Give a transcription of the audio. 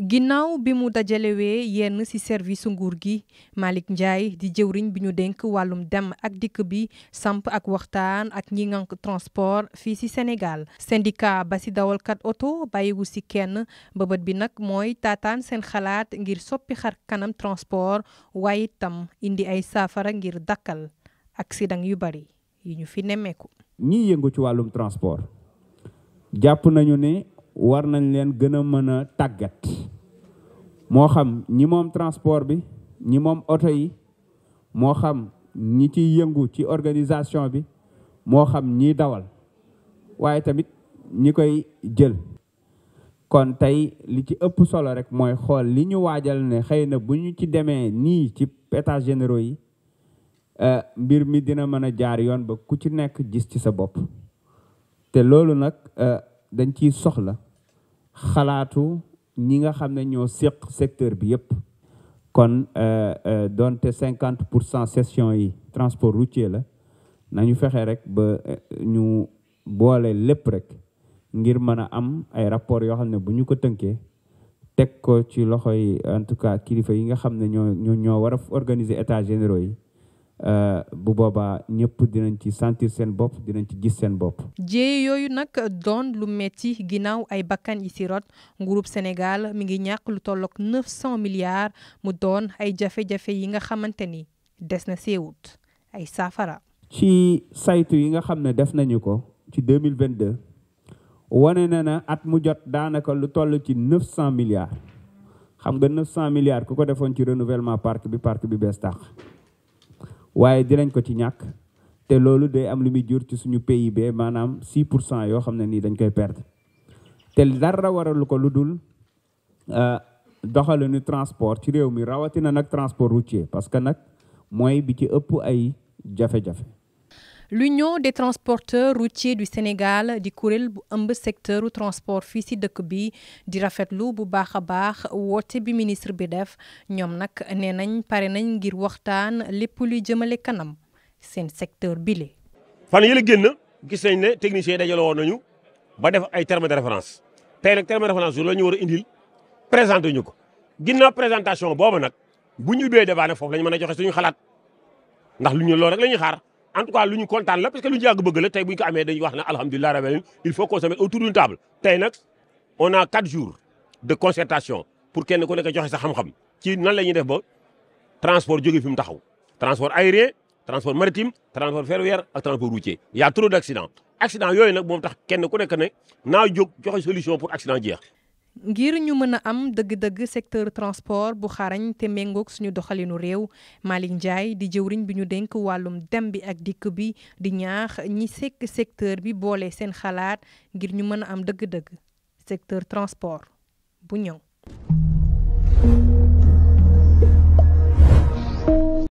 ginnaaw bi mu dajalewee yenn ci service nguur gi malik njaay di jëwriñ bi ñu dénk wàllum dem ak dikk bi samp ak waxtaan ak ñi ngank transport fii ci Sénégal syndicat ba ci dawalkat oto bàyyiwu ci kenn bëbët bi nag mooy taataan seen xalaat ngir soppi xar kanam transport waaye itam indi ay saafara ngir dakkal accident yu bari yu ñu fi nemmeeku. ñiy yëngu ci wàllum transport jàpp nañu ne war nañ leen gëna mëna mën tàggat. moo xam ñi moom transport bi ñi moom oto yi moo xam ñi ciy yëngu ci organisation bi moo xam ñi dawal waaye tamit ñi koy jël kon tey li ci ëpp solo rek mooy xool li ñu waajal ne xëy na bu ñu ci demee nii ci pétage généraux yi euh, mbir mi dina mën a jaar yoon ba ku ci nekk gis ci sa bopp te loolu nag euh, dañ ciy soxla xalaatu ñi nga xam ne ñoo séq secteur bi yépp kon euh, euh, donte cinquante pour cent session yi transport routier la nañu fexe rek ba euh, ñu boole lépp rek ngir mën a am ay rapport yoo xam ne bu ñu ko tënkee teg ko ci loxo yi en tout cas kilifa yi nga xam ne ñoo ñoo ñoo war a organiser états généraux yi Euh, bu boobaa ñëpp dinañ ci sentir seen bopp dinañ ci gis seen bopp. jéey yooyu nag doon lu metti ginnaaw ay bakkan yi si rot Sénégal mi ngi ñàkk lu tolloog 900 milliards mu doon ay jafe-jafe yi nga xamante ni des na seewut ay saafara. ci saytu yi nga xam ne def nañu ko ci 2022 wane na na at mu jot daanaka lu toll ci 900 milliards xam nga 900 milliards ku ko defoon ci renouvellement park bi park bi bees tax waaye dinañ ko ci ñàkk te loolu day am lu muy jur ci suñu PIB maanaam 6 pour cent yoo xam ne nii dañ koy perdre te dara waralu ko lu dul euh, doxalinu transport ci réew mi rawatina nag transport routier parce que nag mooy bi ci ëpp ay jafe-jafe. lu l'union des transporteurs routiers du Sénégal di kuréel bu ëmb secteuru transport fii ci dëkk bi di rafetlu bu baax a baax woote bi ministre bi def ñoom nag nee nañ pare nañ ngir waxtaan lépp luy jëmale kanam seen secteur bile. fan yële génn gis nañ ne technicien yi dajaloo woon nañu ba def ay termes de référence tey nag termes de référence yooyu la ñu war a indil présenté ñu ko ginnaaw présentation boobu nag bu ñu ubbee débat nag foofu la ñu mën a joxe suñu xalaat ndax lu ñu loolu rek xaar. en tout cas lu ñu kontaan la parce que lu ñu yàgg bëgg la tey bu ñu ko amee dañuy wax ne alhamdulilah rabbil il faut qu'on autour d'une table tey nag on a quatre jour de concertation pour kenn ku nekk joxe sa xam-xam ci nan la ñuy def ba transport jóge fi mu taxaw transport aérien transport maritime transport ferroviaire ak transport routier il y a trop d'accidents yooy yooyu nag moom tax kenn ku nekk ne naa jóg joxe solution pour accident jeex ngir ñu mën a am dëgg-dëgg secteur transport bu xarañ te méngoog suñu doxalinu réew Malick Ndiaye di jëwriñ bi ñu dénk wàllum dem bi ak dikk bi di ñaax ñi sekk secteur bi boole seen xalaat ngir ñu mën a am dëgg-dëgg secteur transport bu ñëw.